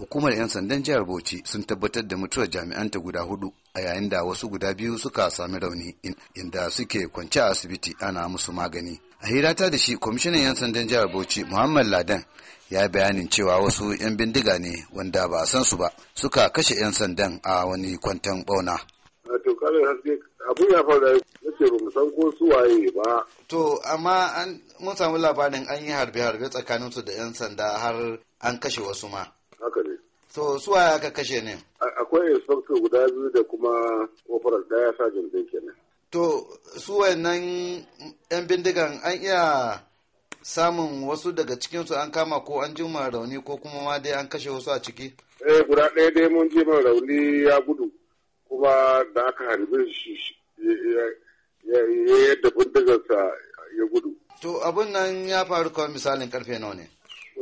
hukumar 'yan sandan jihar bauchi sun tabbatar da mutuwar jami'anta guda hudu a yayin da wasu guda biyu suka sami rauni inda suke kwance a asibiti ana musu magani a hirata da shi kwamishinan 'yan sandan jihar bauchi muhammad ladan ya bayanin cewa wasu 'yan bindiga ne wanda ba a san su ba suka kashe 'yan sandan a wani kwantan bauna to amma mun samu labarin an yi harbe-harbe tsakaninsu da 'yan sanda har an kashe wasu ma. so suwa aka kashe ne akwai inspector guda biyu da kuma operar daya sajin din kenan to su wayannan yan bindigan an iya samun wasu daga cikinsu an kama ko an jima rauni ko kuma ma dai an kashe wasu a ciki eh guda ɗaya dai mun ji mai rauni ya gudu kuma da aka harbe shi ya yadda bindigansa ya gudu to abin nan ya faru kawai misalin karfe nawa ne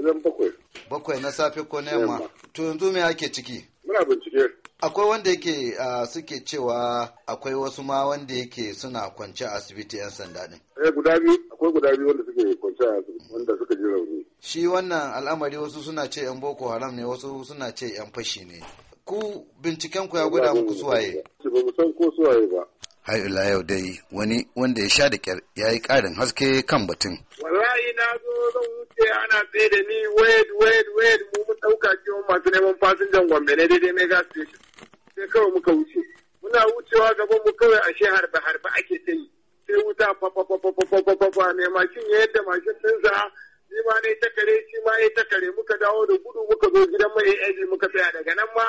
wajen bakwai bakwai na safe ko na yamma to yanzu me ake ciki muna bincike akwai wanda yake suke cewa akwai wasu ma wanda yake suna kwance a asibiti yan sanda din eh guda biyu akwai guda biyu wanda suke kwance a asibiti wanda suka ji rauni shi wannan al'amari wasu suna ce yan boko haram ne wasu suna ce yan fashi ne ku binciken ku ya gwada muku suwaye ba mu san ko suwaye ba har ila yau dai wani wanda ya sha da kyar ya yi ƙarin haske kan batun ana tsaye da ni wayed wayed wayed mu mun ɗauka cewa masu neman fasinjan gombe ne daidai mega station sai kawai muka wuce muna wucewa gaban mu kawai ashe harbe harbe ake ta yi sai wuta fa ne mashin ya yadda mashin ɗinsa shi ma ne ta kare shi ma ya ta kare muka dawo da gudu muka zo gidan mai aji muka tsaya daga nan ma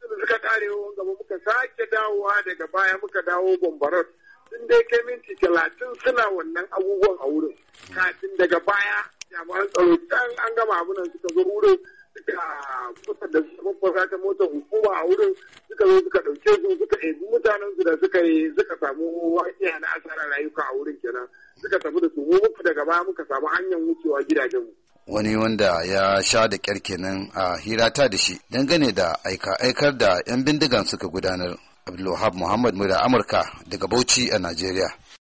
suka wani gaba muka sake dawowa daga baya muka dawo gombarot sun dai kai minti talatin suna wannan abubuwan a wurin kafin daga baya jami'an tsaro can an gama abin nan suka zo wurin suka kusa da kwakwasa ta motar hukuma a wurin suka zo suka ɗauke su suka ɗebi mutanen su da suka yi suka samu wakiya na asarar rayuka a wurin kenan suka tafi da su mu muka daga baya muka samu hanyar wucewa gidajenmu. wani wanda ya sha da kyar kenan a hirata da shi dangane da aika-aikar da 'yan bindigan suka gudanar abdulwahab muhammad mura amurka daga bauchi a najeriya